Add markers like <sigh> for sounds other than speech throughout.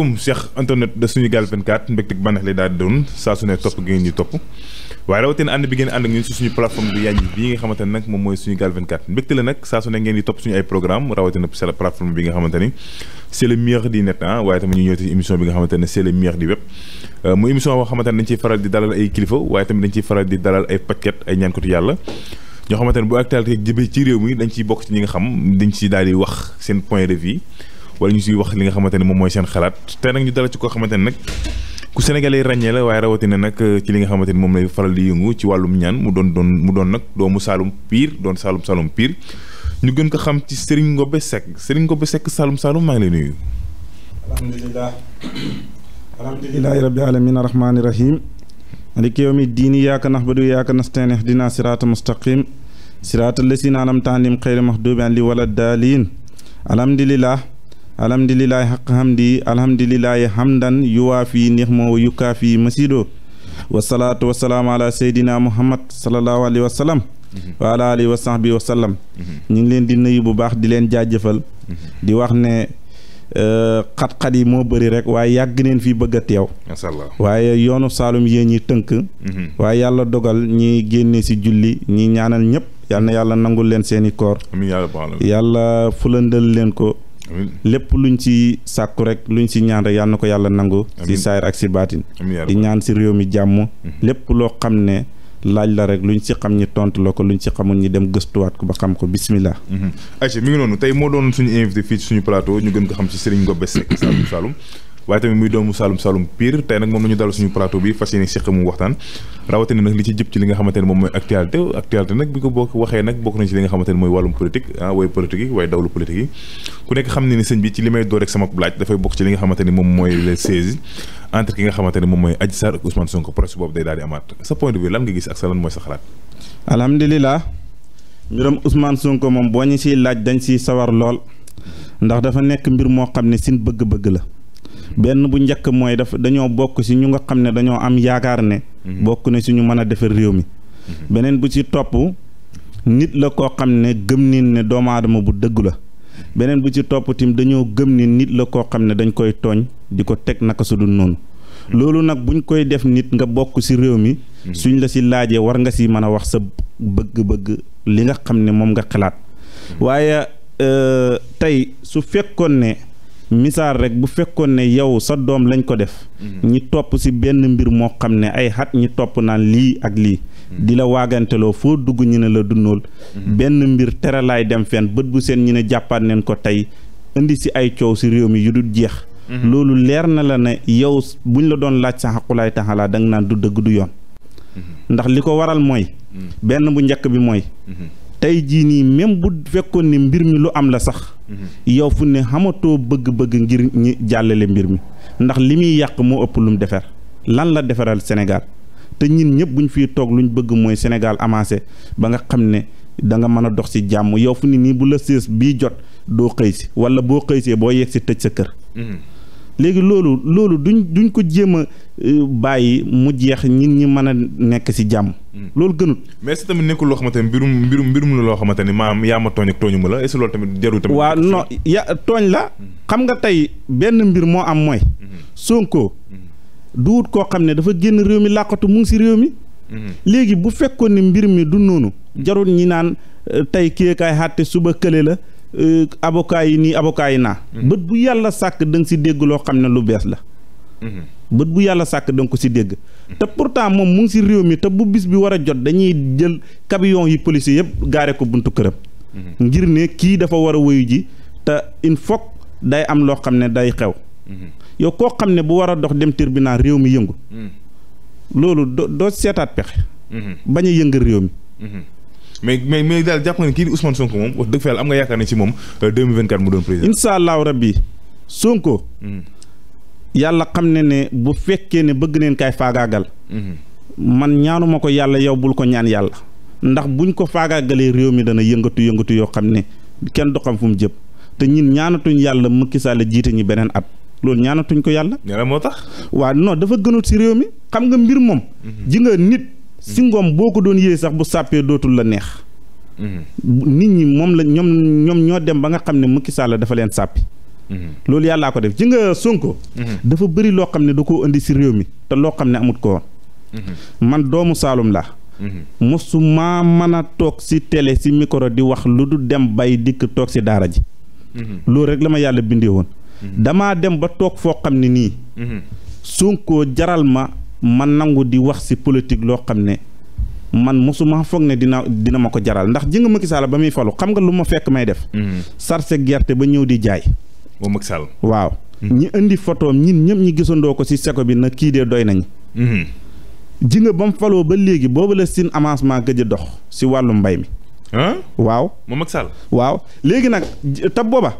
salaamaaleykum Cheikh internet de suñu gaal 24 mbégte bànneex daal doon saa su topp gi ngeen topp waaye rawatina ànd bi ngeen ànd ak suñu plateforme bi yàññi bii nga xamante nag moom mooy suñu gaal 24 mbégte la nag saa su ngeen di topp suñu ay programme rawatina sa plateforme bi nga xamante ni c'est le di net ah waaye tamit ñu ñëw ci émission bi nga xamante ne c'est le di web euh, mu émission boo dañ ciy faral di dalal ay kilifa waaye wala ñu siy wax li nga xamante ne moom mooy seen xalaat te nag ñu dala ci koo xamante nag ku sénégalais ràññee la waaye rawatina nag euh, ci li nga xamante ni moom lay faral di yëngu ci wàllum ñaan mu doon doon mu doon nag doomu Saalum Pire doon Saalum Saalum Pire ñu gën ko xam ci Serigne Ngobe Seck Serigne Ngobe Seck Saalum Saalum maa ngi lay nuyu. alhamdulilah alhamdulilahi rabbil alamin arrahmani rahim maliki yawmi diini yaaka nahmadu yaaka nastain ihdina sirata mustaqim sirata lasina anamta alayhim xayri mahdubi alayhim wala daalin alhamdulilah alhamdulillahi haq hamdi alhamdulillahi hamdan yuwaafi ni'mahu wa yukaafi masiido wasalaatu wasalaamu ala seydina muhammad sallallahu alayhi wa sallam wa ala alihi wa sahbi wa sallam mhm. ñu ngi leen di nuyu bu baax di leen jaajëfal mhm. di wax ne euh, xat-xat yi moo bëri rek waaye yàgg neen fii bëgg a teew waaye yoonu saalum yéen ñi tënk mhm. waaye yàlla dogal ñi génne si julli ñi ñaanal ñëpp yal yàlla nangul leen seeni koor yàlla fulandal leen ko lépp lu luñ ci sàkku rek luñ ci ñaan rek na ko yàlla nangu ci saayir ak ci baatin di ñaan ci réew mi jàmm mhm. lépp loo xam ne laaj la rek luñ ci xam ñi tontu la ko luñ ci xamul ñi dem gëstuwaat ko ba xam ko bismillah mhm. ayca mi tey moo doon suñu invité fii ci suñu plateau ñu gën ko xam ci Serigne Ngobe Seck Saloum Saloum waaye tamit muy doomu Saloum Saloum Pire tey nag moom nañu dalal suñu plateau bi fas yéene seq mu waxtaan rawatina nag li ci jëm ci li nga xamante ne moom mooy actualité actualité nag bi ko bokk waxee nag bokk nañ ci li nga xamante ne mooy wàllum politique ah way yi waaye dawlu politique yi ku nekk xam ne ni sëñ bi ci li may door rek sama laaj dafay bokk ci li nga xamante ne moom mooy les saisies entre ki nga xamante ne moom mooy Adji Sarr ak Ousmane Sonko procès boobu day daal di amaat moom boo ñu siy laaj dañ siy sawar lool ndax dafa nekk mbir moo xam ne sin bëgg-bëgg la benn bu njëkk mooy daf dañoo bokk si ñu nga xam ne dañoo am yaakaar ne. Mhm. bokk na si ñu mën a defar réew mi. Mhm. beneen bu ci topp nit la koo xam ne gëm nin ne doomu aadama bu dëgg la. beneen bu ci topp tim dañoo gëm ni nit la koo xam ne dañ koy tooñ di ko teg naka su dul noonu. Mhm. loolu nag buñ koy def nit nga bokk si réew mi. suñ la si laajee war nga ci mën a wax sa bëgg-bëgg li nga xam ne moom nga xalaat. waaye euh, tey su fekkoon ne. misaal rek bu fekkoon ne yow sa doom lañ ko def. Mm-hmm. ñi topp ci benn mbir moo xam ne ay xat ñi topp naan lii ak lii. Mm-hmm. di la waaganteloo foo dugg ñu ne la dundool. Mm-hmm. benn mbir laay dem fenn bët bu seen ñu ne jàppaat neen ko tey indi ci ay coow ci réew mi yu dul jeex. loolu leer na la ne yow buñ la doon laaj sa xaqulaay taxalaa da nga naan du dëgg du yoon. ndax li ko waral mooy. benn bu njëkk bi mooy. tey jii nii même bu fekkoon ni mbir mi lu am la sax mhm. yow fu ne xamatoo bëgg-bëgg ngir ñi jàllale mbir mi ndax li muy yàq moo ëpp lu mu defar lan la defaral Sénégal te ñin ñëpp buñ fii toog luñ bëgg mooy Sénégal avancé ba nga xam ne danga mën a dox ci jàmm yow fu ne nii bu la sées bii jot doo xëy si wala boo xëy see boo yegg si tëj sa kër mhm. léegi loolu loolu duñ duñ ko jéem a euh, bàyyi mu jeex nit ñi mën a nekk si jàmm. Hmm. loolu gënut. mais est-ce tamit nekkul loo xamante ne mbirum mbirum mbirum loo xamante ne maam yaa ma tooñ ak tooñu ma la est-ce que loolu tamit jarul tamit. waaw ya tooñ la. xam nga tey benn mbir moo am mooy. Hmm. Hmm. koo xam ne dafa génn réew mi làqatu mu si réew mi. léegi bu fekkoon ni mbir mi du noonu. jarul ñi naan euh, tey kii kaay xàtte suba kële la. Euh, avocat yi nii avocat yi naa. Mm-hmm. bët bu yàlla sàkk da si dégg loo xam ne lu bees la. Mm-hmm. bët bu yàlla sàkk da ko si dégg. Mm-hmm. te pourtant moom mu si réew mi te bu bis bi war a jot dañuy jël camion yi policier yëpp gaare ko buntu këram. ngir ne kii dafa war a woyu ji te il faut day am loo xam ne day xew. yow koo xam ne bu war a dox dem tribunal réew mi yëngu. Mm. loolu doo doo seetaat pexe. bañ a yëngal réew mi. mais mais mais daal jàpp nga ne kii di Ousmane Sonko moom wax dëgg fa yàlla am nga yaakaar ne ci moom 2024 euh, mu doon président. incha allahu rabbi Sonko. Hmm. yàlla xam ne ne bu fekkee ne bëgg neen kaay faagaagal. Hmm. man ñaanuma ko yàlla yow bul ko ñaan yàlla. ndax buñ ko faagaagalee réew mi dana yëngatu yëngatu yoo xam ne kenn du xam fu mu jëm te ñun ñaanatuñ yàlla Macky Sall jiite ñi beneen at. loolu ñaanatuñ ko yàlla. ñaanal moo tax. waaw non dafa gënut ci réew mi xam nga mbir moom. Hmm. si ngoom boo ko doon yéey sax bu sàppee dootul la neex mm-hmm. nit ñi moom la ñoom ñoom ñoo dem ba nga xam ne Macky Sall dafa leen sàppi mm-hmm. loolu yàllaa ko def ji nga Sonko mm-hmm. dafa bëri loo xam ne du ko indi si réew mi te loo xam ne amut ko man doomu Saalum la mosuma mën a toog si télé si micro di wax lu du dem bay dikk toog si daara ji loolu rek la ma yàlla bindee woon damaa dem ba toog foo xam ne nii Sonko jaral ma man nangu di wax si politique loo xam ne man mosuma foog ne dina dina ma ko jaral ndax ji nga Macky Sall ba muy falu xam nga lu ma fekk may def. sarse mm-hmm. gerte ba ñëw di jaay. ba Macky Sall waaw. Mm-hmm. ñi indi photoom ñin ñëpp ñi gisandoo ko si seko bi na kii dee doy nañ. Mm-hmm. ji ba mu faloo ba léegi boobu la sin avancement gëj dox si wàllu mbay mi. waaw moom ak Sall waaw léegi nag tab booba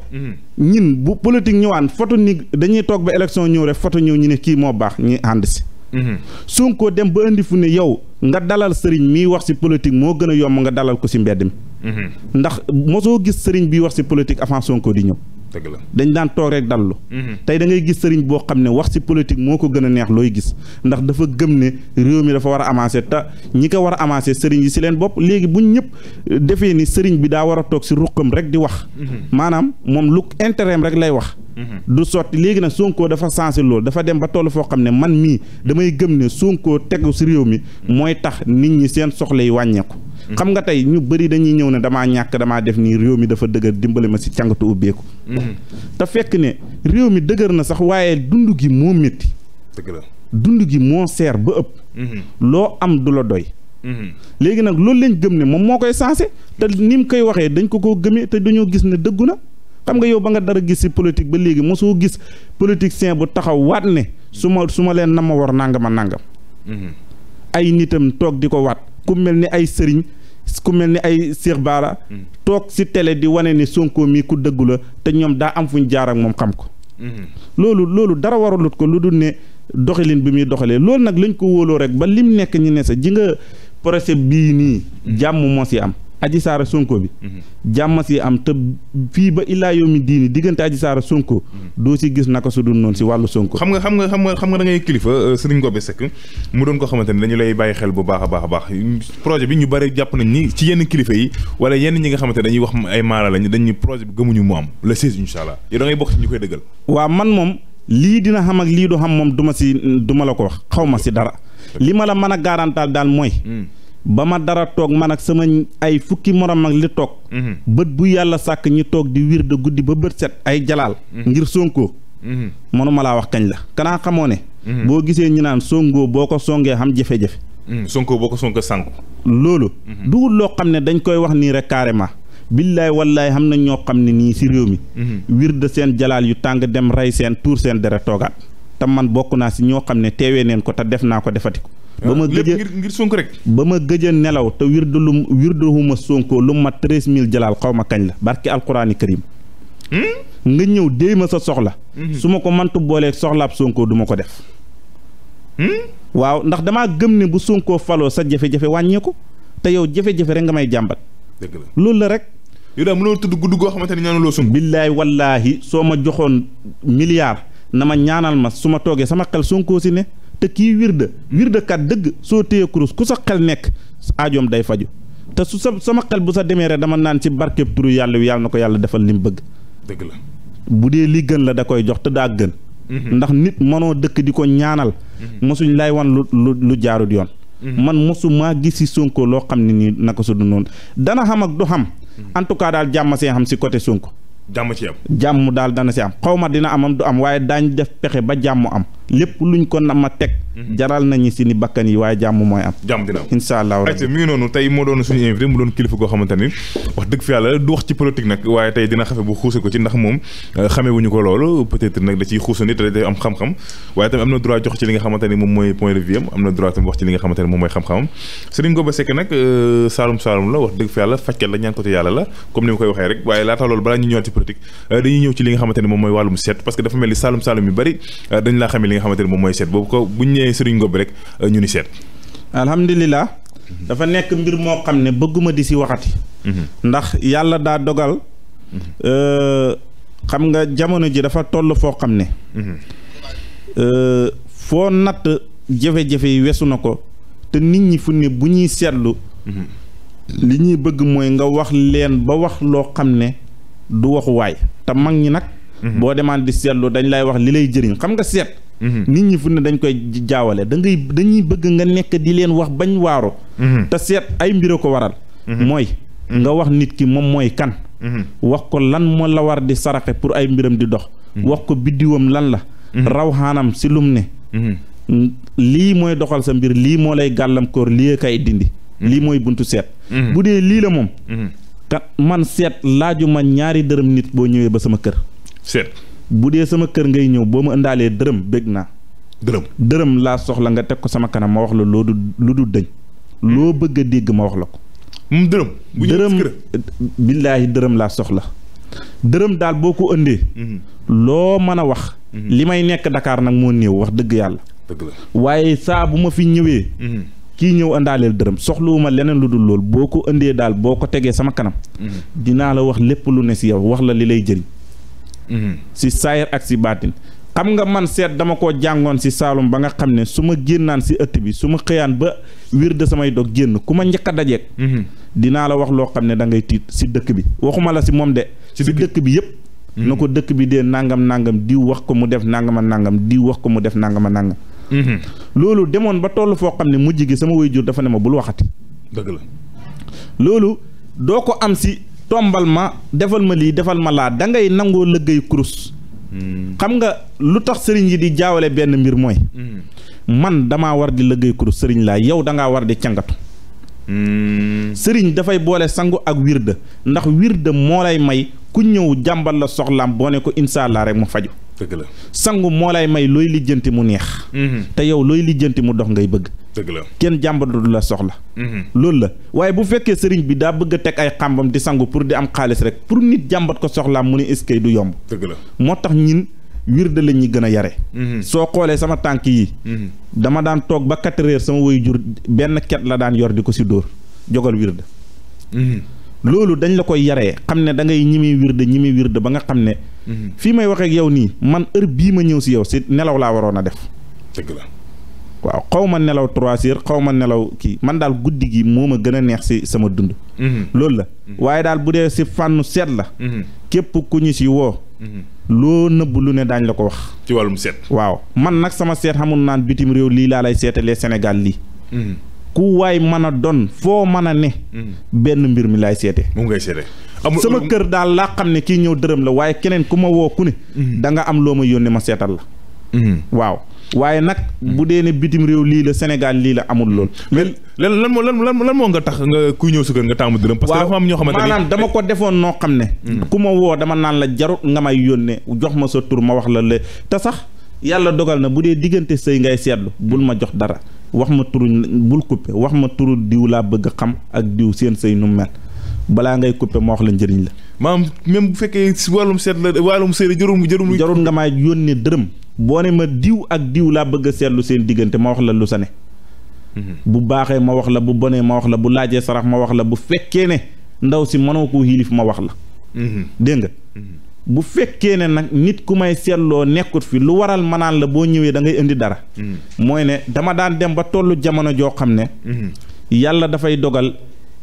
ñin bu politique ñëwaan foto ni dañuy toog ba élection ñëw rek photo ñëw ñu ne kii moo baax ñi ànd si Mhm. Sonko dem ba indi fu ne yow nga dalal sëriñ mii wax ci politique moo gën a yomb nga dalal ko ci mbedd mi. Mhm. ndax mosoo gis sëriñ bi wax ci politique avant Sonko di ñëw. dëgg la dañ daan toog rek dallu. Mhm. tey da ngay gis sëriñ boo xam ne wax ci politique moo ko gën a neex looy gis ndax dafa gëm ne réew mi dafa war a avancer te ñi ko war a avancer sëriñ yi ci leen bopp léegi buñ ñëpp defee ni sëriñ bi daa war a toog ci ruqam rek di wax. maanaam moom lu intérêt rek lay wax. Mm-hmm. du sotti léegi nag Sonko dafa sensé loolu dafa dem ba toll foo xam ne man mii damay gëm ne Sonko tegu si réew mi mooy tax nit ñi seen soxla yi wàññeeku mm-hmm. xam nga tey ñu bëri dañuy ñëw ne damaa ñàkk damaa def nii réew mi dafa dëgër dimbali ma si càngatu ubbeeku mm-hmm. te fekk ne réew mi dëgër na sax waaye dund gi moo métti dund gi moo seer ba ëpp loo am du la doy léegi nag lool lañ gëm ne moom moo koy sensé te ni mu koy waxee dañ ko koo gëmee te dañoo xam nga yow ba nga dara gis ci politique ba léegi mosoo gis politicien bu taxaw waat ne su ma su ma leen na ma war nangama nangam. Mm-hmm. ay nitam toog di ko waat ku mel ni ay sëriñ ku mel ni ay Cheikh Bara mm-hmm. toog ci tele di wane ni Sonko mi ku dëggu la te ñoom daa am fuñ jaar ak moom xam ko. Mm-hmm. loolu loolu dara waralut ko lu dul ne doxalin bi muy doxalee loolu nag lañ ko wóoloo rek ba lim nekk ñu ne sa ji nga procès bii nii. jàmm moo ci am. aji saara sonko bi jàmm si am te fii ba illaa yawmi diini diggante aji saara sonko doo si gis naka su dul noonu si wàllu sonko xam nga xam nga xam nga xam nga da ngay kilifa euh, sëriñ Gobe Seck mu ko xamante ne dañu lay bàyyi xel bu baax a baax a baax projet bi ñu bare jàpp nañ ni ci yenn kilifa yi wala yenn ñi nga xamante dañuy wax ay maara lañu dañu projet bi gëmuñu mu am le 16 incha allah yow da ngay bokk ci ñu koy dëggal waaw man moom lii dina xam ak lii du xam moom du ma si du ma la ko wax xaw ma si dara li ma la mën a garantal daal mooy hmm. ba ma dara toog man ak sama ay fukki morom ak li toog. Mhm. bët bu yàlla sàkk ñi toog di wir de guddi ba bët set ay jalaal. Mhm. ngir Sonko. Mhm. ma laa wax kañ la kanaa xamoo ne. boo gisee ñu naan Sonko boo ko songee xam jafe-jafe. Sonko boo ko Sonko sànku. loolu. dugul loo xam ne dañ koy wax nii rek carrément. billaay wallaay xam na ñoo xam ne nii si réew mi. wir de seen jalaal yu tàng dem rey seen tuur seen dere toogaat. te man bokk naa si ñoo xam ne teewee neen ko te def naa ko defati ba ma gëj ngir ngir rek. ba ma gëj nelaw te wirdu lu wirduhuma Sonko lu ma treize mille jalaal xaw ma kañ la barki alquraani karim hmm? nga ñëw déy ma sa soxla. Hmm. su ma ko mantu boolee soxlaab Sonko du ko def. Hmm? waaw ndax damaa gëm ne bu Sonko faloo sa jafe-jafe wàññeeku te yow jafe-jafe rek nga may jàmbat. dëgg la loolu la rek. yow daal tudd gudd goo xamante ni ñaanaloo Sonko. billaay wallaahi soo ma joxoon milliard na ma ñaanal ma su ma toogee sama xel Sonko si ne. te kii wirda wirda kat dëgg soo téye kurus ku sa xel nekk aajoom day faju te su sa sama xel bu sa demee rek dama naan ci barkeb turu yàlla wi yàlla na ko yàlla defal li mu bëgg. dëgg bu dee lii gën la da koy jox te daa gën. Mm-hmm. ndax nit mënoo dëkk di ko ñaanal. Mm-hmm. mosuñ lay wan lu lu lu jaarut yoon. Mm-hmm. man mosumaa gis si Sonko loo xam ne nii naka su du noonu dana xam ak du xam. en tout cas daal jàmm see xam si côté Sonko. jàmm am jàmm daal dana si am xaw ma dina amam du am waaye daañ def pexe ba jàmm am. lépp luñ ko na ma teg mhm. jaral nañu si ni bakkan yi waaye jàmm mooy am jàmm dina am incha allah ayca noonu tey moo doon suñu invité mu doon kilifa goo xamante wax dëgg fi yàlla du wax ci politique ndax euh, moom mooy point de am am na droit tamit ci li nga xamante moom mooy xam-xamam Serigne Ngoba Seck nag euh, saalum saalum la wax dëgg fi yàlla fajkat la ñaan ko ci yàlla la comme ni ma koy waxee rek waaye laata loolu balaa ñu ñëwaat ci politique euh, dañuy ñëw nga xamante ne moom mooy seet boobu ko bu ñu ñëwee sëriñ Ngom rek euh, ñu ni seet. alhamdulilah. dafa nekk mbir moo xam ne bëgguma di si waxati. Mhm. ndax yàlla daa dogal. Mhm. Euh, xam nga jamono ji dafa toll foo xam ne. Mhm. Euh, foo natt jafe-jafe yi wesu na ko te nit ñi fu ne bu ñuy seetlu. li ñuy bëgg mooy nga wax leen ba wax loo xam ne du waxuwaay te mag ñi nag. boo demaan di seetlu dañ lay wax li lay jëriñ xam nga seet. Mhm. nit ñi fu ne dañ koy jaawale da ngay dañuy bëgg nga nekk di leen wax bañ waaru mhm. te seet ay mbir a ko waral mhm. mooy nga wax nit ki moom mooy kan wax ko lan moo la war di saraxe pour ay mbiram di dox wax ko biddiwam lan la rawxaanam si lum ne lii mooy doxal sa mbir lii moo lay gàllankoor lii kay dindi lii mooy buntu seet bu dee lii la moom man seet laaju ma ñaari dërëm nit boo ñëwee ba sama kër seet bu dee sama kër ngay ñëw boo ma indaalee dërëm bég naa. dërëm dërëm laa soxla nga teg ko sama kanam ma wax la loo du lu du dëñ. loo bëgg dégg ma wax la ko. Hmm, dërëm bu dërëm billaahi dërëm laa soxla. dërëm daal boo ko ëndee. Hmm. loo mën a wax. Hmm. li may nekk Dakar nag moo néew wax dëgg yàlla. dëgg la waaye saa bu ma fi ñëwee. kii ñëw indaaleel dërëm soxluwuma leneen lu dul lool boo ko ëndee daal boo ko tegee sama kanam. dinaa la wax lépp lu ne si yow wax la li lay jëriñ. Mhm. si saayir ak si baatin xam nga man seet dama koo jàngoon si saalum ba nga xam ne su ma génnaan si ëtt bi su ma xëyaan ba wir de samay dog génn ku ma njëkk a dajeeg mhm. dinaa la wax loo xam ne da ngay tiit si dëkk bi waxuma la si moom de si dëkk bi yëpp mhm. na ko dëkk bi dee nangam nangam diw wax ko mu def nangama nangam diw wax ko mu def nangama nangam loolu demoon ba toll foo xam ne mu gi sama jur dafa ne ma bul waxati dëgg la loolu doo ko am si tombal ma defal ma lii defal ma laa dangay nangoo lëggéey kurus. Hmm. xam nga lu tax sëriñ yi di jaawale benn mbir mooy. Hmm. man damaa war di lëggéey kurus sëriñ laa yow dangaa war di cangatu. Hmm. sëriñ dafay boole sangu ak wirda ndax wiir wirda moo lay may ku ñëw jàmbal la soxlaam boo ne ko incha allah rek mu faju dëgg la sangu moo lay may looy lijjanti mu neex. Mm-hmm. te yow looy lijjanti mu dox ngay bëgg. dëgg la kenn jàmbatu du la soxla. Mm-hmm. loolu la waaye bu fekkee sëriñ bi daa bëgg a teg ay xàmbam di sangu pour di am xaalis rek pour nit jàmbat ko soxlaam mu ne eskay du yomb. dëgg la moo tax ñin wirde la ñuy gën a yare. Mm-hmm. soo xoolee sama tànk yi. dama daan toog ba quatre heures sama woy jur benn ket la daan yor di ko si dóor jogal wirde. loolu dañ la koy yaree xam ne da ngay ñimi wirde ñimi wirde ba nga xam ne. Mhm. fii may waxee ak yow nii man heure bii ma ñëw si yow si nelaw laa waroon a def. waaw xaw ma nelaw trois heures xaw ma nelaw kii man daal guddi gi moom ma gën a neex si sama dund. Mhm. loolu la mhm. waaye daal bu dee si fànnu seet la. képp ku ñu si woo. loo nëbb lu ne daañ la ko wax. ci wàllum seet. waaw man nag sama seet xamul naan bitim réew lii laa lay seetalee Sénégal lii. ku waay mën a don foo man a ne. Mm. benn mbir mi laay seete. moom ngay seete. sama kër daal laa xam ne kii ñëw dërëm la waaye keneen ku ma woo ku ne. Mm-hmm. da nga am loo ma yónnee ma seetal la. Mm-hmm. waaw waaye nag mm-hmm. bu dee ne bitim réew lii la Sénégal lii la amul lool. mais lan lan moo lan moo nga tax nga kuy ñëw sa kër nga taamu dërëm. parce que dafa am ñoo xamante ne maanaam dama ko defoon noo xam ne. Mm. ku ma woo dama naan la jarut nga may yónnee jox ma sa tur ma wax la le te sax yàlla dogal na bu dee diggante sëy ngay seetlu bul ma jox dara. wax ma turu bul coupé wax ma turu diw laa bëgg a xam ak diw seen sëy nu mel balaa ngay coupé ma wax la njëriñ la. maam même bu fekkee si wàllum seet la wàllum sëy jarul jarul. jarul nga maa yónnee dërëm. boo ne ma diw ak diw laa bëgg seetlu seen diggante ma wax la lu sa ne. Mhm. bu baaxee ma wax la bu bonee ma wax la bu laajee sarax ma wax la bu fekkee ne ndaw si mënoo koo xiilif ma wax la. Mhm. dégg nga bu fekkee ne nag nit ku may seetloo nekkut fi lu waral manaan la boo ñëwee dangay ngay indi dara hmm. mooy ne dama daan dem ba tollu jamono joo xam ne hmm. yàlla dafay dogal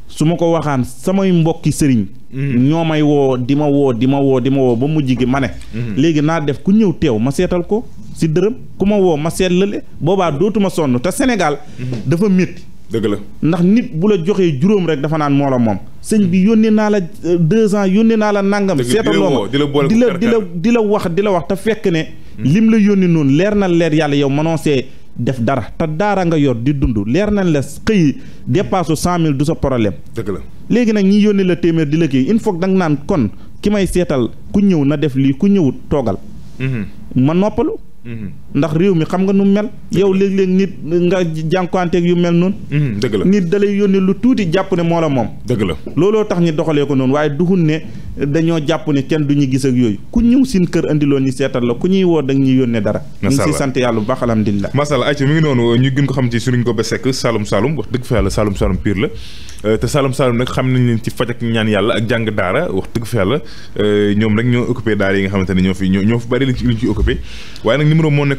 su ma ko waxaan samay mbokki sëriñ hmm. ñoo may woo di ma woo di ma woo di ma woo ba mujj gi ma ne léegi naa def ku ñëw teew ma seetal ko si dërëm ku ma woo ma seetlale boobaa dootuma sonn te Sénégal dafa métti dëgg ndax nit bu la joxee juróom rek dafa naan moo la moom sëñ bi yónnee naa la euh, deux ans naa la nangam seetaloo ma di la di la di la wax di la wax te fekk ne hmm. lim la yónni noonu leer na leer yàlla yow mënoo see def dara te daara nga yor di dund leer nañ la xëy dépasse cent mille du sa problème. dëgg la léegi nag ñi yónni la téeméer di la kii il faut da naan kon ki may seetal ku ñëw na def lii ku ñëwut toogal. Hmm. ma noppalu. Hmm. ndax réew mi xam nga nu mel yow léeg-léeg nit nga jànkuwanteeg yu mel noonu mm-hmm, dëgg la nit dalay yónni lu tuuti jàpp ne moo la moom dëgg la looloo tax ñi doxalee ko noonu waaye duxul ne dañoo jàpp ne kenn du ñu gis ak yooyu ku ñëw seen kër andiloon ni seetal la ku ñuy woo dag ñuy yónnee dara ñu ngi si sant yàlla bu baax alhamdulilah masala ayca mi ngi noonu ñu gën ko xam ci sëriñ Gobe Seck Saloum Saloum wax dëgg fa yàlla Saloum Saloum pire la euh, te Saloum Saloum nag xam nañ leen ci faj ak ñaan yàlla ak jàng daara wax dëgg fa yàlla euh, ñoom rek ñoo occupé daara yi nga xamante ne ñoo ñoo fi bari lañ ci occupé waaye nag numéro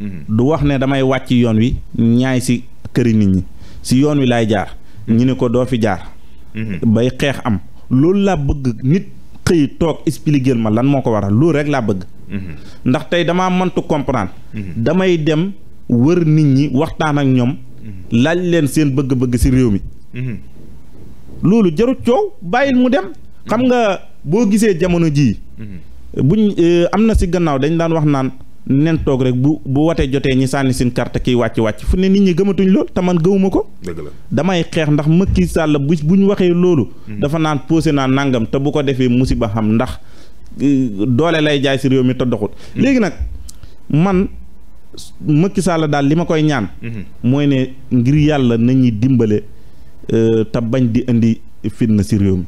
Mhm. du wax ne damay wàcc yoon wi ñaay si këri nit ñi si yoon wi laay jaar mhm. ñu ne ko doo fi jaar mhm. bay xeex am loolu laa bëgg nit xëy toog expliquer ma lan moo ko waral loolu rek laa bëgg ndax tey damaa mëntu comprendre damay dem wër nit ñi waxtaan ak ñoom laaj leen seen bëgg-bëgg si réew mi loolu jarut coow bàyyil mu dem xam nga boo gisee jamono jii buñ euh, am na si gannaaw dañ daan wax naan nen toog rek bu bu wotee jotee ñi sànni seen carte kiy wàcc wàcc fu ne nit ñi gëmatuñ lool te man gëwuma ko. dëgg la damay xeex ndax Macky sàlla bu bu ñu waxee loolu. Mhm. dafa naan posé naa nangam te bu ko defee musiba xam ndax e, doole lay jaay si réew mi te mhm. léegi nag man Macky Sall daal li ma koy ñaan. Mhm. mooy ne ngir yàlla nañuy dimbale e, te bañ di indi fitna si réew mi.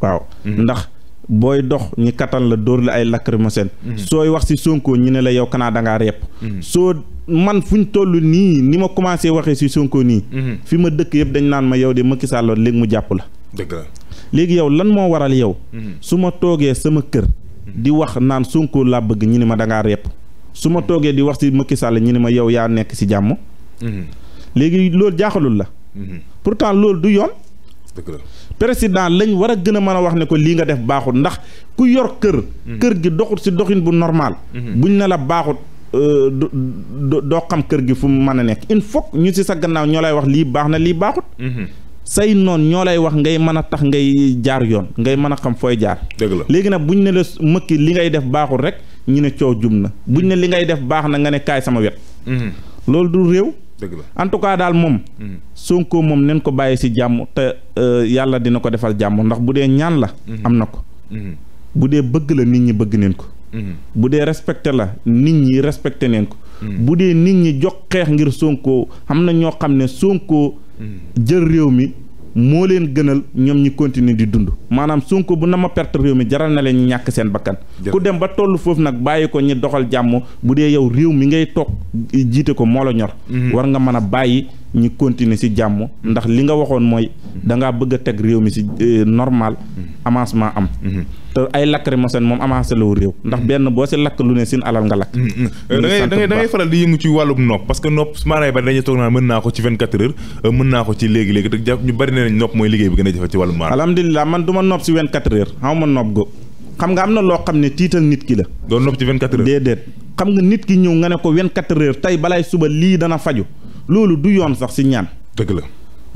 waaw ndax. booy dox ñi katal la dóor la ay lakk lacrymogène mhm. sooy wax si Sonko ñu ne la yow kanaa dangaa repp mhm. soo man fu ñu toll nii ni ma commencé waxee si Sonko nii mhm. fi ma dëkk yëpp dañ naan ma yow de Macky Sall léegi mu jàpp la léegi yow lan moo waral yow su ma toogee sama kër di wax naan Sonko laa bëgg ñu ne ma dangaa repp su ma toogee di wax si Macky Sall ñu ne ma yow yaa nekk si jàmm léegi loolu jaaxalul la pourtant loolu du yoon dëgg président lañ war a gën a mën a wax ne ko lii nga def baaxut ndax ku yor kër. Mhm. kër gi doxut si doxin bu normal. Mhm. buñ ne la baaxut. Euh, doo xam kër gi fu mu mën a nekk il faut ñu si sa gannaaw ñoo lay wax lii baax na lii baaxut. Mhm. say noon ñoo lay wax ngay mën a tax ngay jaar yoon ngay mën a xam fooy jaar. dëgg léegi nag buñ ne la mëkki li ngay def baaxul rek ñu ne coow jum na buñ ne li ngay def baax na nga ne kaay sama wet. loolu du réew. dëgg la en tout cas daal moom. Mm-hmm. Sonko moom nañ ko bàyyi si jàmm te euh, yàlla dina ko defal jàmm ndax bu dee ñaan la. Mm-hmm. am na ko. Mm-hmm. bu dee bëgg la nit ñi bëgg neen ko. bu dee respecté la nit ñi respecté neen ko. bu dee nit ñi jox xeex ngir Sonko xam na ñoo xam ne Sonko jël réew mi. moo leen gënal ñoom ñi continuer di dund maanaam Sonko bu na ma perte réew mi jaral na leen ñàkk seen bakkan ku dem ba toll foofu nag bàyyi ko ñi doxal jàmm bu dee yow réew mi ngay toog jiite ko moo la ñor mhm. war nga mën a bàyyi ñi continuer si jàmm ndax li nga waxoon mooy da ngaa bëgg a teg réew mi ci euh, normal mhm. avancement am mhm. te ay lacrymogène moom avancé la wu réew ndax benn boo si lakk lu ne sin alal nga lakk. Euh, da ngay faral di yëngu ci wàllum nopp parce que nopp su dañuy toog naa mën naa ko ci léegi euh, léegi te a go xam nga am na loo xam ne tiital nit ki la. doo nopp ci 24 heures déedéet xam nga nit ki ñëw nga ne ko 24 heures tey balay suba lii dana faju loolu du yoon sax si ñaan. dëgg la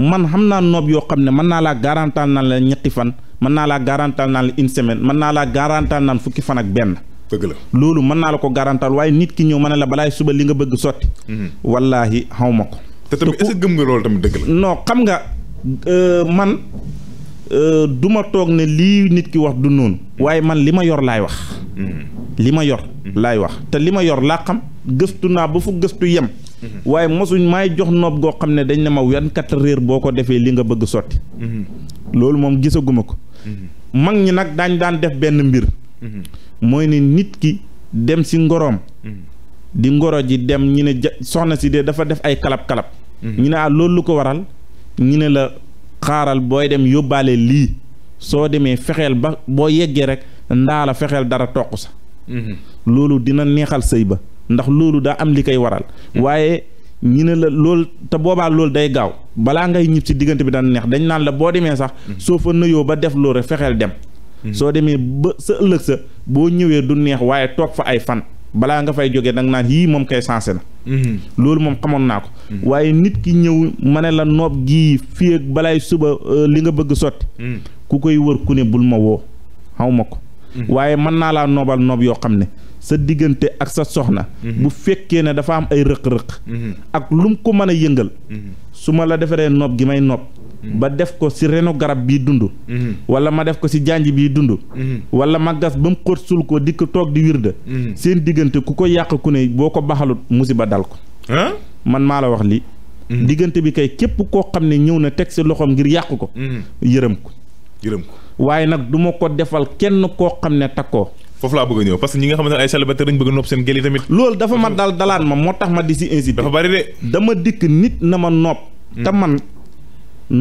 man xam naa nopp yoo xam ne mën naa laa garantaan na la ñetti man naa laa garantal naan la une semaine mën naa laa garantal naan fukki fan ak benn. dëgg la loolu mën naa la ko garantal waaye nit ki ñëw ma na la balaay suba li nga bëgg sotti. Mhm. wallaahi xaw ma ko. te tamit est gëm nga loolu tamit dëgg la. non xam nga euh, man euh, du ma toog ne lii nit ki wax du noonu. waaye man li ma yor laay wax. Mhm. li ma yor. Mhm. laay wax te li ma yor laa xam gëstu naa ba fu gëstu yem. waaye mosuñ maay jox noob goo xam ne dañ ne ma wenn quatre heures boo ko defee li nga bëgg sotti. loolu moom gisaguma ko. Mm-hmm. mag ñi nag daañ daan def benn mbir. Mm-hmm. mooy ne nit ki dem si ngoroom. Mm-hmm. di ngoro ji dem ñu ne soxna si de dafa def ay kalab kalab. ñu ne ah loolu lu ko waral ñu ne la xaaral booy dem yóbbaale lii soo demee fexeel ba boo yeggee rek ndaa la fexeel dara toq sa. loolu dina neexal sëy ba ndax loolu daa am li koy waral. waaye ñu ne la lool te boobaa loolu day gaaw balaa ngay ñib si diggante bi daan neex dañ naan la boo demee sax mm-hmm. soo fa nuyoo ba def loolu rek fexeel dem mm-hmm. soo demee ba sa ëllëg sa boo ñëwee du neex waaye toog fa ay fan balaa nga fay jóge danga naan yii moom kay sensé na mm-hmm. loolu moom xamoon naa ko waaye nit ki ñëw ma ne la noob gii fii ak balaay suba euh, li nga bëgg sotti ku koy wër ku ne bul ma woo xaw ko waaye mën naa laa noobal noob yoo xam ne sa diggante ak sa soxna. bu fekkee ne dafa am ay rëq-rëq. Mm-hmm. ak lum ko mën a yëngal. Mm-hmm. su ma la defaree nopp gi may nopp. Mm-hmm. ba def ko si renu garab bii dund. wala ma def ko si janj bii dund. wala ma gas ba mu xóot sul ko dikk toog di wirda seen diggante ku ko yàq ku ne boo ko baxalut musiba dal ko. man maa la wax li diggante bi kay képp koo xam ne ñëw na teg si loxoom ngir yàq ko. ko. yërëm ko waaye nag du ma ko defal kenn koo xam ne takkoo. foofu laa bëgg a ñëw parce que ñi nga xamante ne ay célibataire dañu bëgg a nopp seen gel yi tamit loolu dafa ma dal dalaan ma moo tax ma di si incité dafa bari de dama dikk nit na ma nopp hmm. te man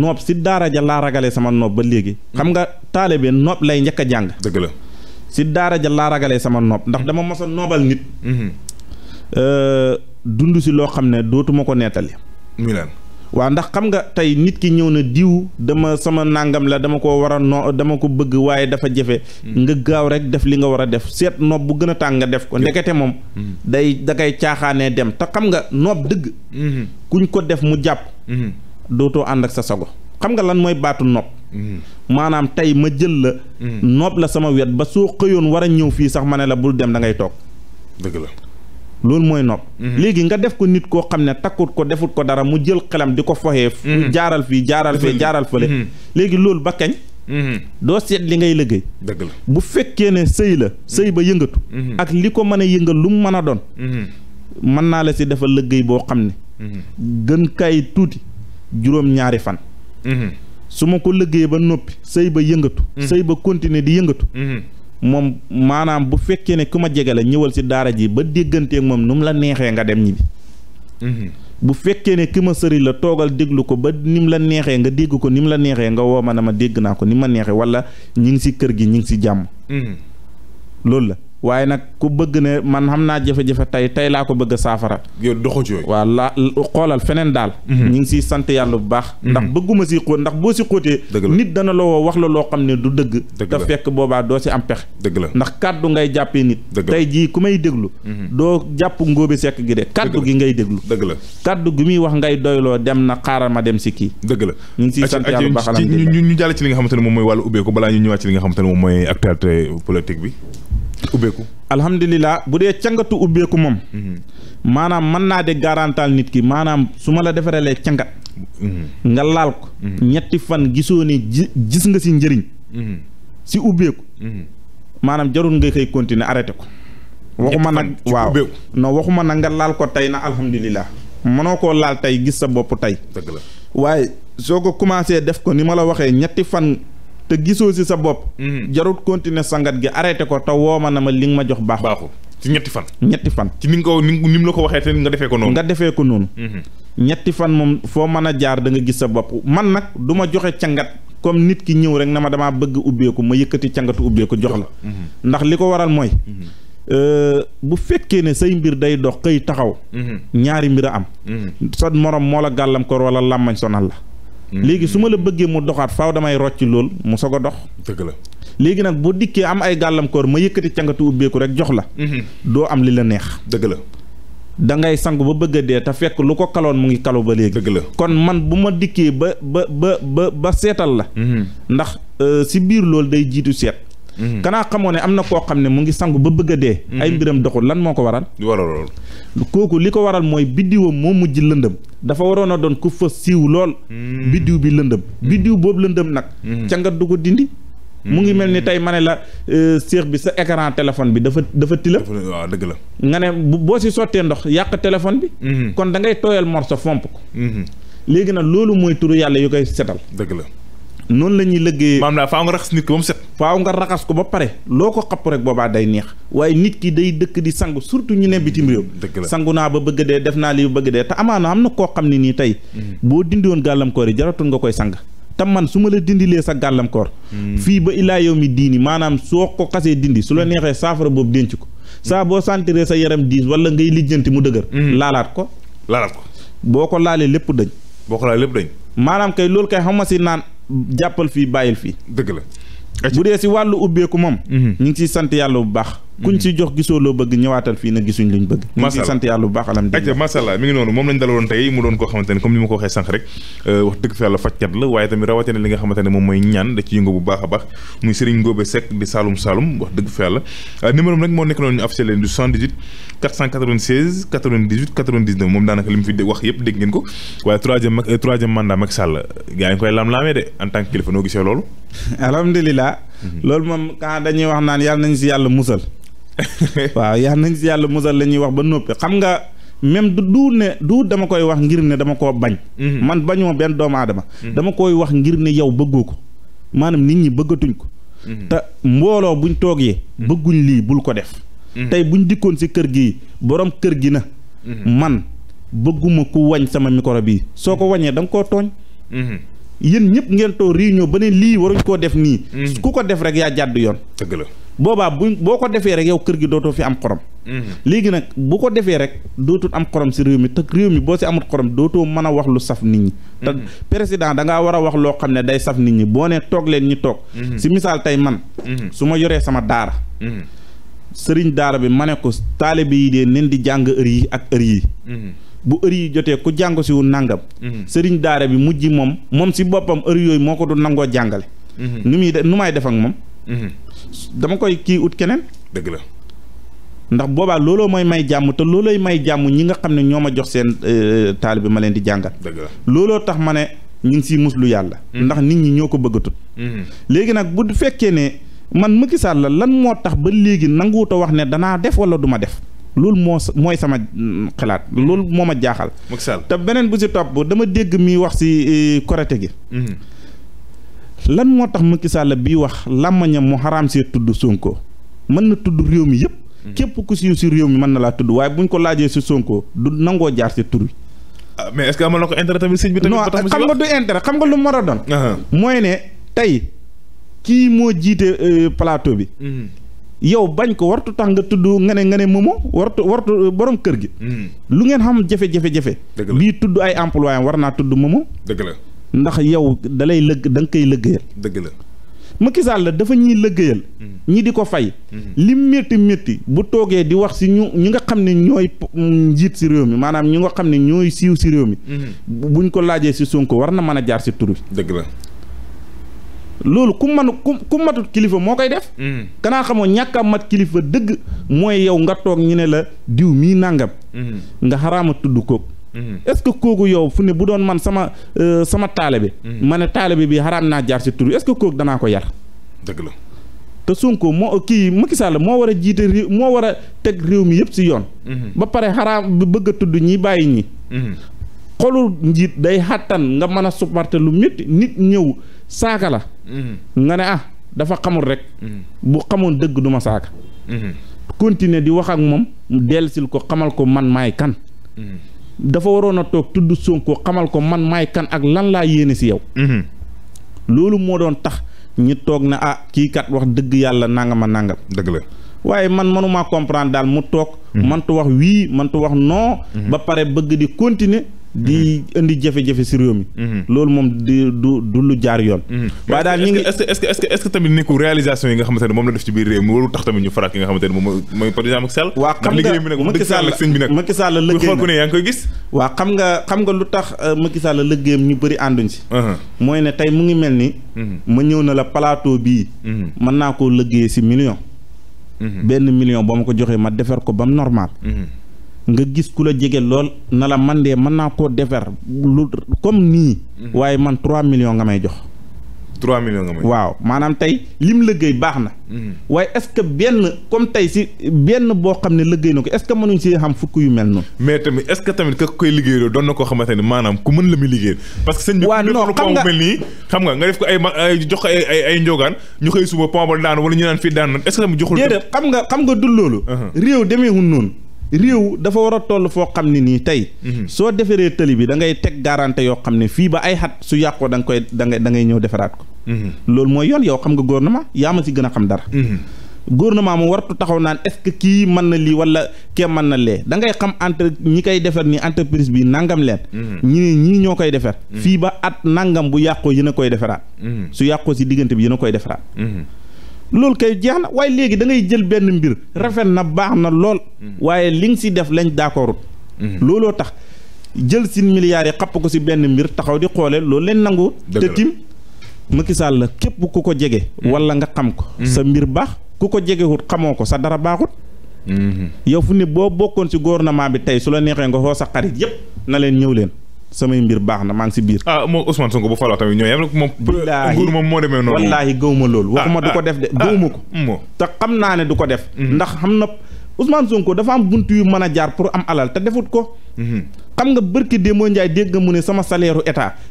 nopp si daara ja laa ragalee sama nopp ba léegi hmm. xam nga taalibe nopp lay njëkk a jàng dëgg la si daara ja laa ragalee sama nopp ndax hmm. dama mos a noobal nit euh, dund si loo xam ne dootuma ko nettali waaw ndax xam nga tey nit ki ñëw na diw dama sama nangam la dama ko war a no dama ko bëgg waaye dafa jafe. Hmm. nga gaaw rek def li nga war a def seet nopp bu gën a tàng nga def ko ndekete moom. Hmm. day da koy caaxaanee dem te xam nga nopp dëgg. Hmm. kuñ ko def mu jàpp. dootoo ànd ak sa sogo xam nga lan mooy baatu nopp. maanaam tey ma jël la. nopp la sama wet ba soo xëyoon war a ñëw fii sax ma ne la bul dem da ngay toog. dëgg la. loolu mooy nopp mhm. léegi nga def ko nit koo xam ne takkut ko defut ko dara mu jël xelam di ko foxee mhm. jaaral fii jaaral fee jaaral fële mhm. léegi loolu ba kañ doo seet li ngay liggéey dëgg bu fekkee ne sëy la sëy ba yëngatu ak li ko mën a yëngal lu mu mën a doon mën naa la si dafa liggéey boo xam ne gën kay tuuti juróom ñaari fan su ma ko liggéey ba noppi sëy ba yëngatu sëy ba continuer di yëngatu moom maanaam bu fekkee ne ku ma jege la ñëwal si daara ji ba dégganteeg moom nu mu la neexee nga dem ñi ñibbi. Mm-hmm. bu fekkee ne ki ma sëri la toogal déglu ko ba ni mu la neexee nga dégg ko ni mu la neexee nga woo ma ne ma dégg naa ko ni ma neexee wala ñi ngi si kër gi ñi ngi si jàmm. Mm-hmm. loolu la. waaye nag ku bëgg ne man xam naa jafe-jafe tey tey laa ko bëgg saafara. yow doxu ci yooyu. waaw laa xoolal feneen daal. Mhm. ñu ngi siy sant yàlla bu baax. Mhm. ndax bëgguma si xóot ndax boo si xóotee. nit dana la wax la loo xam ne du dëgg. te fekk boobaa doo si am pex. dëgg la ndax kàddu ngay jàppee nit. tey jii ku may déglu. Mhm. doo jàpp ngóobe sekk gi de. kàddu gi ngay déglu. dëgg la kàddu gi muy wax ngay doyloo dem na xaaral ma dem si kii. dëgg la ñu ngi siy sant yàlla bu baax ñu jàll ci li nga xamante ne moom mooy wàllu ubbeeku balaa ñu ñëwaat ci li bi ubbeeku alhamdulilah bu dee cangatu ubbeeku moom mhm. maanaam man naa de garantal nit ki maanaam su ma la defaree lee cangat mhm. nga laal ko mhm. ñetti fan gisoo ne gis nga si njëriñ si ubbeeku maanaam jarul ngay xëy continuer arrêté ko waxuma nag waaw non waxuma nag nga laal ko tey na alhamdulilah mënoo koo laal tey gis sa bopp tey dëgg la waaye soo ko commencé def ko ni ma la waxee ñetti fan te gisoo si sa bopp. Mhm. jarut continuer sangat gi arrêté ko te woo ma na ma li ma jox baaxul. baaxul ci ñetti fan. ñetti fan ci ni ko ni mu la ko waxee te nga defee ko noonu. nga defee ko noonu. Mhm. ñetti fan moom foo mën a jaar danga nga gis sa bopp man nag du ma joxe cangat comme nit ki ñëw rek na ma damaa bëgg ubbeeku ma yëkkati cangatu ubbeeku jox la. Mhm. ndax li ko waral mooy. Euh, bu fekkee ne say mbir day dox xëy taxaw. ñaari mbir a am. sa morom moo la gàllankoor wala làmmañ sonal la. Mm. léegi su ma la bëggee mu doxaat faaw damay rocc lool mu soog a dox. dëgg la léegi nag boo dikkee am ay gàllankoor ma yëkkati cangatu ubbeeku rek jox la. Mm-hmm. doo am li la neex. dëgg la. da ngay sangu ba bëgga dee te fekk lu ko kaloon mu ngi kalu ba léegi. dëgg la kon man bu ma dikkee ba ba ba seetal la. Mm-hmm. ndax euh, si biir loolu day jiitu seet. Mm-hmm. kanaa xamoon ne am na koo xam ne mu ngi sangu ba bëgg a dee mm-hmm. ay mbiram doxul lan moo ko waral kooku li ko waral mooy biddiwam moo mujj lëndëm dafa waroon a doon ku fa siiw lool mm-hmm. biddiw bi lëndëm biddiw boobu lëndëm nag cangat du ko dindi mu ngi mel ni tey ma ne la seex euh, bi sa écran téléphone bi dafa dafa tila waaw dëgg la nga ne boo si sottee ndox yàq téléphone bi kon dangay tooyal morso fomp ko léegi nag loolu mooy turu yàlla yu koy setal dëgg la noonu la ñuy lëggee. maam daal faaw nga raxas nit ki ba mu set. faaw nga raxas ko ba pare loo ko xapp rek boobaa day neex waaye nit ki day dëkk di sangu surtout ñu ne bitim réew. sangu naa ba bëgg dee def naa lii ba bëgg dee te amaana am na koo xam ne nii tey. Mhm. boo dindi woon gàllamkoor yi jaratul nga koy sang. te man su ma la dindilee sa gàllamkoor. Mhm. fii ba ilaa yow mi diini maanaam soo ko xasee dindi su la mhm. neexee saafara boobu denc ko. saa boo sentiree sa yaram diis wala ngay lijjanti mu dëgër. laalaat ko. laalaat ko boo ko boo ko laalee lépp dañ. maanaam kay loolu kay xam jàppal fii bàyyil fii. dëgg la. bu dee si wàllu ubbeeku moom. Mhm. ñu ngi sant yàlla bu baax. kuñ ci jox gisoo loo bëgg ñëwaatal fii nag gisuñ luñ bëgg ñu ngi ngi noonu moom lañ dalaloon du 78 496 98 99 moom daanaka euh, <laughs> mhm. loolu moom quand dañuy wax naan yàlla nañ si yàlla musal <laughs> waaw yaa nañ si yàlla musal la ñuy wax ba noppi xam nga même du du ne du dama koy wax ngir ne dama koo bañ. Mhm. man bañoo benn doomu aadama. Mhm. dama koy wax ngir ne yow bëggoo ko maanaam nit ñi bëggatuñ ko. Mhm. te mbooloo buñ toogee. bëgguñ lii bul ko def. tey buñ dikkoon si kër gi borom kër gi na. man bëgguma ku wañ sama micro bii soo ko wañee danga nga koo tooñ. yéen ñëpp ngeen toog réunion ba ne lii waruñ koo def nii. ku ko def rek yaa jàdd yoon. boobaa bu boo ko defee rek yow kër gi dootoo fi am xorom. Mhm. léegi nag bu ko defee rek dootul am xorom si réew mi te réew mi boo si amul xorom dootoo mën a wax lu saf nit ñi. te mhm. président da ngaa war a wax loo xam ne day saf nit ñi boo nee toog leen ñu toog. Mhm. si misaal tey man. su ma yoree sama daara. sëriñ daara bi ma ne ko taalibe yi de nen di jàng heure yi ak heure yi. bu heure yi jotee ku jàng si wu nangam. sëriñ daara bi mujj moom moom si boppam heure yooyu moo ko du nangoo jàngale. nu nu may def moom. dama koy kii ut keneen. dëgg la. ndax boobaa looloo mooy may jàmm te loolooy may jàmm ñi nga xam ne ñoo ma jox seen euh, bi ma leen di jàngal. dëgg la looloo tax ma ne ñu ngi siy lu yàlla. Mm-hmm. ndax nit ñi ñoo ko bëgg a tut mm-hmm. léegi nag bu fekkee ne man Macky Sall la lan moo tax ba léegi nanguwut wax ne danaa def wala du ma def. loolu moo mooy sama mm, xalaat loolu moo ma jaaxal. Macky te beneen bu si topp dama dégg mi wax si euh, korete gi. Mm-hmm. lan moo tax Macky Sall bii wax làmmañam mu xaraam see tudd Sonko mën na tudd réew mi yëpp. Mhm. képp ku siiw si réew mi mën na laa tudd waaye buñ ko laajee si Sonko du nangoo jaar si tur wi. Ah, mais est-ce que ko intérêt tamit sëñ bi tamit. ba xam nga du intérêt xam nga lu mu a doon. mooy ne tey kii moo jiite euh, palaato bi. Mhm. yow bañ ko wartu tax nga tudd nga ne nga ne moomoo wartu wartu euh, borom kër gi. Mhm. lu ngeen xam jafe-jafe jafe. bii tudd ay employé war naa tudd moomoo. dëgg la. ndax yow dalay lëgg da koy lëggéeyal dëgg la Macky Sall dafa ñuy lëggéeyal mm. ñi di ko fay mm. li métti métti bu toogee di wax si ñu ñi nga xam ne ñooy njiit si réew mi maanaam ñi nga xam ne ñooy siiw si réew mi mm-hmm. buñ ko laajee si Sonko war na mën a jaar si tur bi dëgg la loolu ku manu ku matut kilifa moo koy def mm. kanaa xamoo ñàkk a mat kilifa dëgg mooy yow nga toog ñu ne la diw mii nàngam mm-hmm. nga xaraama tudd koog Mm-hmm. est-ce que kooku yow fu ne bu doon man sama euh, sama taalibe mm-hmm. ma ne taalibe bi xaraam naa jaar si tur est-ce que kooku danaa ko yar dëgg la te Sonko moo kii ma Sall moo war a jiite réew moo war a teg réew mi yëpp si yoon mm-hmm. ba pare xaraam bëgg a tudd ñi bàyyi ñi xolul njiit day xàttan nga mën a supporter lu métti nit ñëw saaka la nga ne ah dafa xamul rek bu xamoon dëgg duma ma saaka continuer di wax ak moom dellusil ko xamal ko man maay kan dafa waroon a toog tudd Sonko xamal ko man may kan ak lan laa yéene si yow. Mhm. loolu moo doon tax ñi toog na ah kii kat wax dëgg yàlla nangam a nangam. dëgg la waaye man mënumaa comprendre daal mu toog. mëntu mhm. wax wii mëntu wax noo mhm. ba pare bëgg di continuer. di indi jafe-jafe si réew mi. Mhm. loolu moom di du du lu jaar yoon. waa daal ñu ngi est-ce que est tamit nekkul réalisation yi nga xamante ne moom la def ci biir réew mi waru tax tamit ñu faraat ki nga xam nga Macky Sall ak sëñ bi nag Macky Sall liggéey xool ku gis. waa xam nga xam nga lu tax euh, Macky Sall liggéeyam ñu bëri ànduñ si. Uh-huh. mooy ne tey mu ngi mel ni. Uh-huh. ma ñëw na la plateau bii. Uh-huh. mën naa koo liggéey si million. benn million boo ma ko joxee ma defar ko ba mu normal. nga gis ku la jege lool na la man de mën naa koo defar lu comme nii. Mhm. waaye man 3 millions nga may jox. 3 millions nga may waaw maanaam tey lim liggéey baax na. Mhm. waaye est-ce que benn comme tey si benn boo xam ne liggéey na ko est-ce que mënuñ si xam tamit ka koy liggéeyaloo doon na koo xamante ne maanaam ku mën la muy liggéeyal. parce que sëñ bi ku nekk lu pont mel xam nga nga def ko ay ay jox ko ay ay ñu xëy suba pont ba daanu wala ñu naan fii daan est-ce que tamit joxul. déedéet xam nga xam nga dul loolu. Uh-huh. réew demeewul noonu réew dafa war a toll foo xam ne nii tey. Mhm. soo defaree tali bi da ngay teg garante yoo xam ne fii ba ay xat su yàqoo danga koy da ngay da ngay ñëw defaraat ko. Mhm. loolu mooy yoon yow xam nga gouvernement yaa ma si gën a xam dara. Mhm. gouvernement mu wartu taxaw naan est-ce que kii mën na lii wala kee mën na lee da ngay xam entre ñi koy defar nii entreprise bi nangam leen. ñi ne ñoo koy defar. fii ba at nangam bu yàqoo yéen a koy defaraat. su yàqoo si diggante bi yéen koy defaraat. loolu kay jeex na waaye léegi da ngay jël benn mbir rafet na baax na lool. Mm-hmm. waaye li nga si def lañ d'accordut. Mm-hmm. looloo tax jël sin milliards yi xapp ko si benn mbir taxaw di xoolee loolu leen nangu. te tim Macky Sall la képp ku ko jege. Mm-hmm. wala nga xam ko. sa mbir baax ku ko jegewut xamoo ko sa dara baaxut. yow fu ne boo bokkoon si maa bi tey su la neexee nga xoo sa xarit yépp na leen ñëw leen. samay mbir baax na maa ngi si biir. ah moom Ousmane Sonko bu faloo tamit ñoo yem moom. billaahi nguur moom moo demee noonu. wallaahi gëw ma loolu. Ah, waxuma du ah, ko def de gëw ko. Ah, te xam naa ne du ko def. Mhm. ndax xam na Ousmane Sonko dafa am buntu yu mën a jaar pour am alal te defut ko. Mhm. xam nga bërki démboo njaay dégg mu ne sama salaire u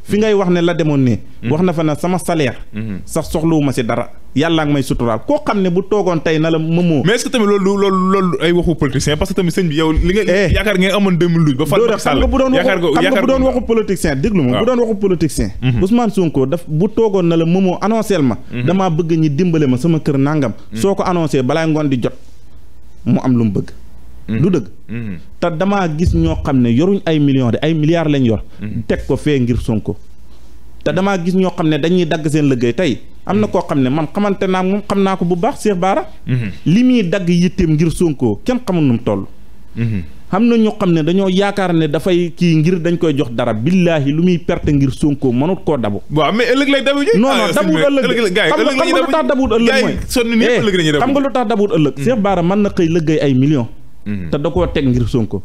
fi ngay wax ne la demoon ne mm-hmm. wax na fa ne sama salaire mm-hmm. sax soxlawu ma si dara yàllaa ngi may suturaal koo xam ne bu toogoon tey na la mëmoo mais est-ce que tamit loolu loolu loolu ay waxu politicien parce que tamit sëñ bi yow li nga eh. yaakaar nga amoon 2012 ba fal xam nga bu doon bu doon waxu politicien déglu ma bu doon waxu politicien mm-hmm. Ousmane Sonko daf bu toogoon na la mëmoo annonceel ma damaa bëgg ñi dimbale ma sama kër nàngam soo ko annoncé balaa ngoon di jot mu am lu mu bëgg du dëgg mm-hmm. te damaa gis ñoo xam ne yoruñ ay million de ay milliards lañ yor mm-hmm. teg ko fee ngir Sonko te damaa gis ñoo xam ne dañuy dagg seen liggéey tey na mm-hmm. koo xam ne man xamante naa moom xam naa ko bu baax Cheikh Bara li muy dagg yitteem ngir Sonko kenn xamul nu mu toll xam na ñoo xam ne dañ koy jox dara billaahi lu muy perte ngir Sonko mënut koo dabu. waaw mais ëllëg lay dabu ji. non non ah, dabuut ëllëg xam nga lu eh, ay million Mhm. te da koo teg ngir Sonko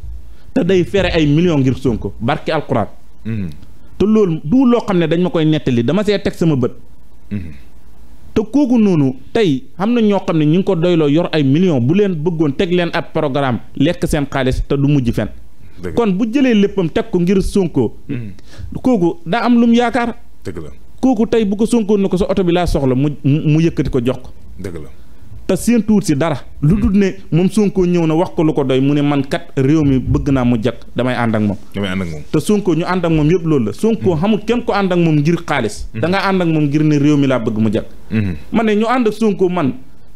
te day fere ay millions ngir Sonko barki alxuraan mhm. te loolu du loo xam ne dañ ma koy nettali dama see teg sama bët mhm. te kooku noonu tey xam na ñoo xam ne ñu ngi ko doyloo yor ay millions bu leen bëggoon teg leen ab programme lekk seen xaalis te du mujj fen kon bu jëlee léppam teg ko ngir Sonko kooku daa am lu mu yaakaar dëgg kooku tey bu ko Sonko na ko sa oto bi laa soxla mu mu yëkkati ko jox ko dëgg la te tuut si dara lu hmm. dul ne moom Sonko ñëw na wax ko lu ko doy mu ne man kat réew mi bëgg naa mu jag damay ànd ak moom damay ànd te Sonko ñu ànd ak moom yëpp loolu la Sonko hmm. xamul kenn ko ànd ak moom ngir xaalis hmm. da nga ànd ak moom ngir ne réew mi laa bëgg mu jag ma ne ñu ànd ak Sonko man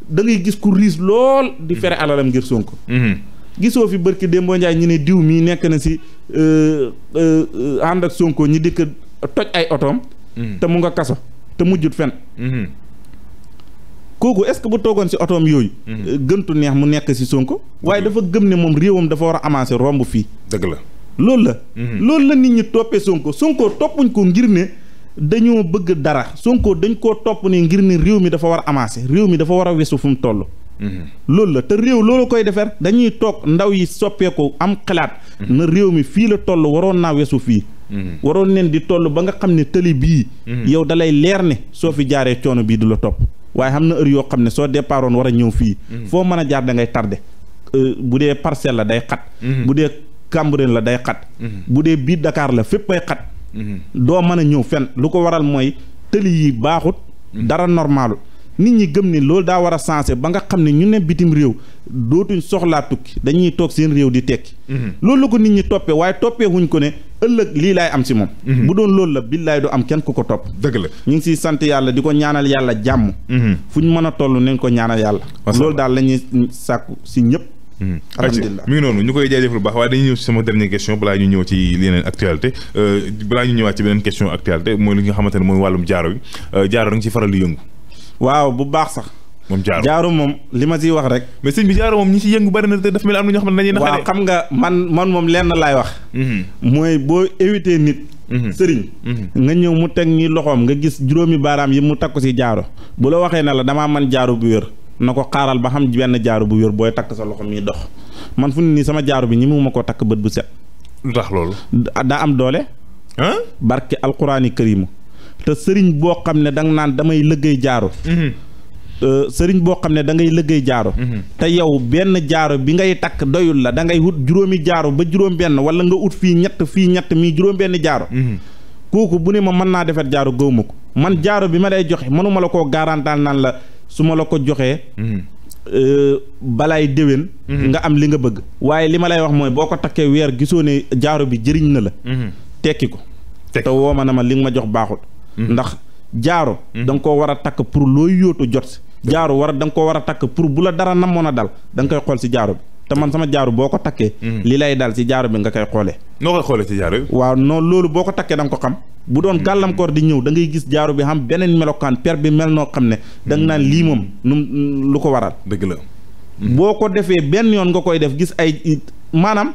da ngay gis ku riis lool di fere alalam ngir Sonko gisoo fi bërki Dembo Ndiaye ñu ne diw mii nekk na si euh, euh, ànd ak Sonko ñi dikk toj ay otoom te mu nga kaso te mujjut fen kooku est-ce que bu toogoon si otoom yooyu. Mhm. Euh, gëntu neex mu nekk si Sonko. waaye dafa gëm ne moom réewam dafa war a avancer romb fii. dëgg la loolu la. Mhm. loolu la nit ñi toppee Sonko Sonko toppuñ ko ngir ne dañoo bëgg dara Sonko dañ ko topp ni ngir ne réew mi dafa war a avancer réew mi dafa war a wesu fu mu toll. Mhm. loolu la te réew loolu koy defar dañuy toog ndaw yi soppeeku am xalaat. na réew mi fii la toll waroon naa wesu fii. waroon neen di tollu ba nga xam ne tëli bii. yow dalay leer ne soo fi jaaree coono bii du la topp. waaye xam na heure yoo xam ne soo départ woon war a ñëw fii. Mhm. foo mën a jaar da ngay tardé. Euh, bu dee parcelle la day xat. Mhm. bu dee Cambérène la day xat. Mhm. bu dee bii dakaar la fépp ay xat. doo mën a ñëw fenn lu ko waral mooy tëli yi baaxut. dara normalu nit ñi gëm ni loolu daa war a sensé ba nga xam ne ñu ne bitim réew dootuñ soxlaa tukki dañuy toog seen réew di tekki mhm. loolu la ko nit ñi toppee waaye toppee wuñ ko ne ëllëg lii laay am si moom mhm. bu doon loolu la billaay du am kenn ku ko topp dëgg la ñu ngi siy sant yàlla di ko ñaanal yàlla jàmm mhm. fu ñu mën a toll nañ ko ñaanal yàlla loolu daal la ñuy sàkku si ñëpp alhamdulilah mi ngi noonu ñu koy jaajëfal ñëw sama dernière question balaa ñu ñëw ci yeneen actualité euh, balaa ñëwaat ci beneen question actualité mooy li nga xamante ne mooy wàllum jaaro bi euh, jaaro da nga ci faral di yëngu waaw bu baax sax. moom jaaru moom li ma siy wax rek. mais bi jaaro moom ñi ci yëngu bari na te daf mel am na ñoo xam ne dañuy naxale. waaw xam nga man man moom lenn laay wax. Mhm. mooy boo éviter nit. Mhm. sëriñ. Mhm. nga ñëw mu teg ñi loxoom nga gis juróomi baaraam yi mu takku si jaaro bu la waxee na la damaa man jaaro bu wér na ko xaaral ba xam benn jaaro bu wér booy takk sa loxo miy dox man fu ne nii sama jaaru bi ñi mu ma koo takk bët bu set. lu tax loolu. daa am doole. barke alquraani karimu te sëriñ boo xam ne da nga naan damay lëggéey jaaro mhm. euh, sëriñ boo xam ne da ngay lëggéey jaaro mhm. te yow benn jaaro bi ngay takk doyul la da ngay wut juróomi jaaro ba juróom benn wala nga ut fii ñett fii ñett mii juróom benn jaaro mhm. kooku bu ne ma mën naa defar jaaro gëw ko man jaaro bi ma lay joxe mënuma la koo garantaal naan la su ma la ko joxee euh, balaay déwén nga am li nga bëgg waaye li ma lay wax mooy boo ko takkee weer gisoo ne jaaro bi jëriñ na la tekki ko te woo ma li ma jox baaxul Mm-hmm. ndax jaaro mm-hmm. da nga koo war a takk pour looy yóotu jot si jaaro war a da koo war a takk pour bu la dara namoon a dal danga koy xool si jaaro bi te man sama jaaru boo ko takkee mm-hmm. li lay dal si jaaro bi nga koy xoolee noo koy si jaaru bi waaw noonu loolu boo ko takkee danga ko xam bu doon gàllankoor di ñëw da ngay gis jaaru bi xam beneen melokaan per bi mel noo xam ne da nga naan lii moom nu lu ko waral dëgg la boo ko defee benn yoon nga koy def gis ay maanaam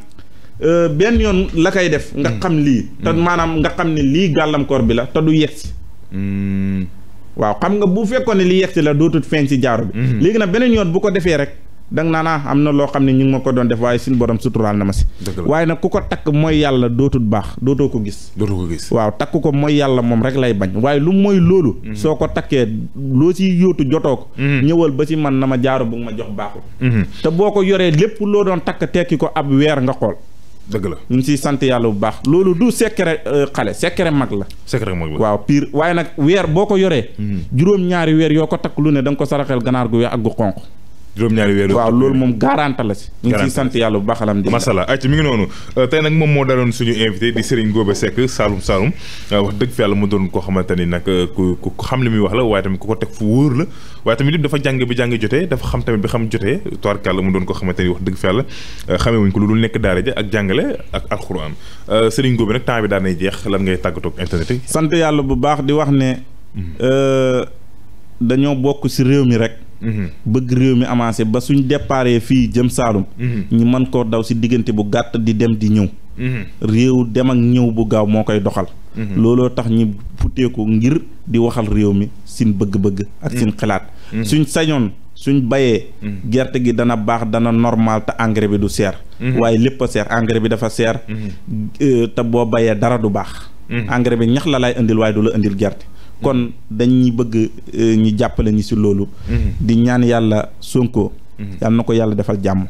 Euh, benn yoon la koy def. nga mm. xam lii. te mm. maanaam nga xam ne lii gàllankoor bi la te du yegsi. Mm. waaw xam nga bu fekkoon ne li yegsi la dootul feeñ si jaaro bi. Mm-hmm. léegi nag beneen yoon bu ko defee rek. dang naa naa ah, am na loo xam ne ñu ngi ma ko doon def waaye suñu borom suturaal na ma si waaye nag ku ko takk mooy yàlla dootul baax dootoo ko gis dootoo ko gis waaw takk ko mooy yàlla moom rek lay bañ waaye lu mooy loolu mm-hmm. soo ko takkee loo si yóotu jotoo ko mm-hmm. ñëwal ba si man na ma jaaru bu ma jox baaxul te boo ko yoree lépp loo doon takk tekki ko ab weer nga dëgg la ñu siy sant yàlla bu baax loolu du secret euh, xale secret mag la. secret mag waaw piir waaye nag weer boo ko yoree. Mhm. juróom-ñaari weer yoo ko takk lu ne danga ko saraxel ganaar gu weex ak gu xonq juróom-ñaari weer waaw loolu moom garante la si ñu ngi ciy sant yàlla bu ngi noonu euh, te nag moom moo daloon suñu invité di Serigne Gobé Seck Saloum Saloum euh, wax dëgg fi yàlla mu doon koo xamante ni nag euh, ku xam li muy wax la waaye tamit ku ko teg fu wóor la waaye tamit lépp dafa jàng bi jàng jotee dafa xam tamit bi xam jotee toirkàlla mu doon koo xamante ni wax dëgg fi yàlla xamee wuñ ko lu dul nekk daara ak jàngale ak alxuraan Serigne Gobé nag temps bi daanay jeex lan ngay tàggatoog internet yi sant yàlla bu baax di wax ne hmm. dañoo bokk si réew mi rek Mm-hmm. bëgg réew mi avancé ba suñ déparé fii jëm Saalum. Mm-hmm. ñu mën koo daw si diggante bu gàtt di dem di ñëw. Mm-hmm. réew dem ak ñëw bu gaaw moo koy doxal. looloo tax ñu futteeku ngir di waxal réew mi sin bëgg-bëgg. ak sin xalaat. suñ sañoon suñ bayee. gerte gi dana baax dana normal te engrais bi du seer. waaye lépp a seer engrais bi dafa seer. Euh, te boo bayee dara du baax. engrais bi ñax la lay indil waaye du la indil gerte. kon dañuy bëgg euh, ñu jàppale ñi si loolu. Mm-hmm. di ñaan yàlla Sonko. Mm-hmm. yàlla na ko yàlla defal jàmm.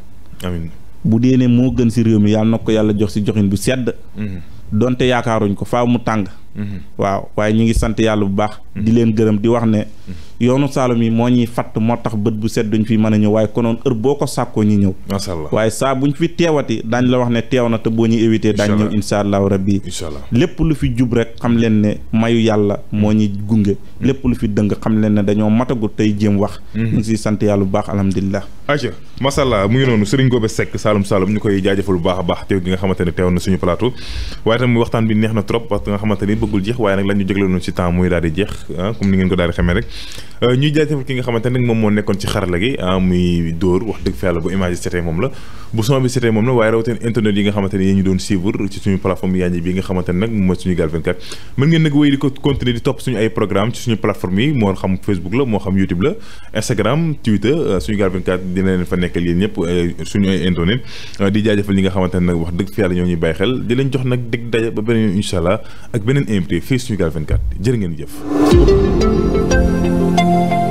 bu dee ne moo gën si réew mi yàlla na ko yàlla jox si joxin bu sedd. Mm-hmm. donte yaakaaruñ ko faaw mu tàng. waaw waaye ñu ngi sant yàlla bu baax. di leen gërëm di wax ne. yoonu Saalum yi moo ñuy fatt moo tax bët bu sedd duñ fi mën a ñëw waaye konoon heure boo ko sàkkoo ñi ñëw macha allah waaye saa buñ fi teewati daañ la wax ne teew na te boo ñuy éviter daañ ñëw insha allahu rabbi lépp lu fi jub rek xam leen ne mayu yàlla moo ñuy gunge mm. lépp lu fi dëng xam leen dañoo matagu tey jéem wax mm-hmm. ñu ngi siy sant baax alhamdulilah aca macha allah mu ngi noonu Serigne Gobe Seck Saalum Saalum ñu koy jaajëfal bu baax a baax teew gi nga xamante ne teew na suñu plateau waaye tam waxtaan bi neex na trop parce que nga xamante ni bëggul jeex waaye nag lañ ñu jégloon ci temps muy daal ah, comme ni ngeen ko daal Euh, ñuy jaajëfal ki nga xamante nag moom moo nekkoon ci xarala gi ah, muy dóor wax dëgg fa bu image setee moom la bu son bi setee moom la waaye rawatina internet yi nga xamante ne yéen ñu doon suivre ci suñu nga xamante ne nag moom mooy Sunugal 24 mën ngeen nag wéy di ko continuer di topp suñu ay programme ci suñu plateforme yi moo xam Facebook la moo xam YouTube la Instagram Twitter ah, Sunugal 24 dina leen fa nekkal yéen suñu ay internet ah, di nga xamante ne nag wax dëgg fa yàlla ñoo ñuy bàyyi xel di leen jox nag dëgg daje ba beneen incha allah ak fii Sunugal 24 jërë ngeen jëf Thank you.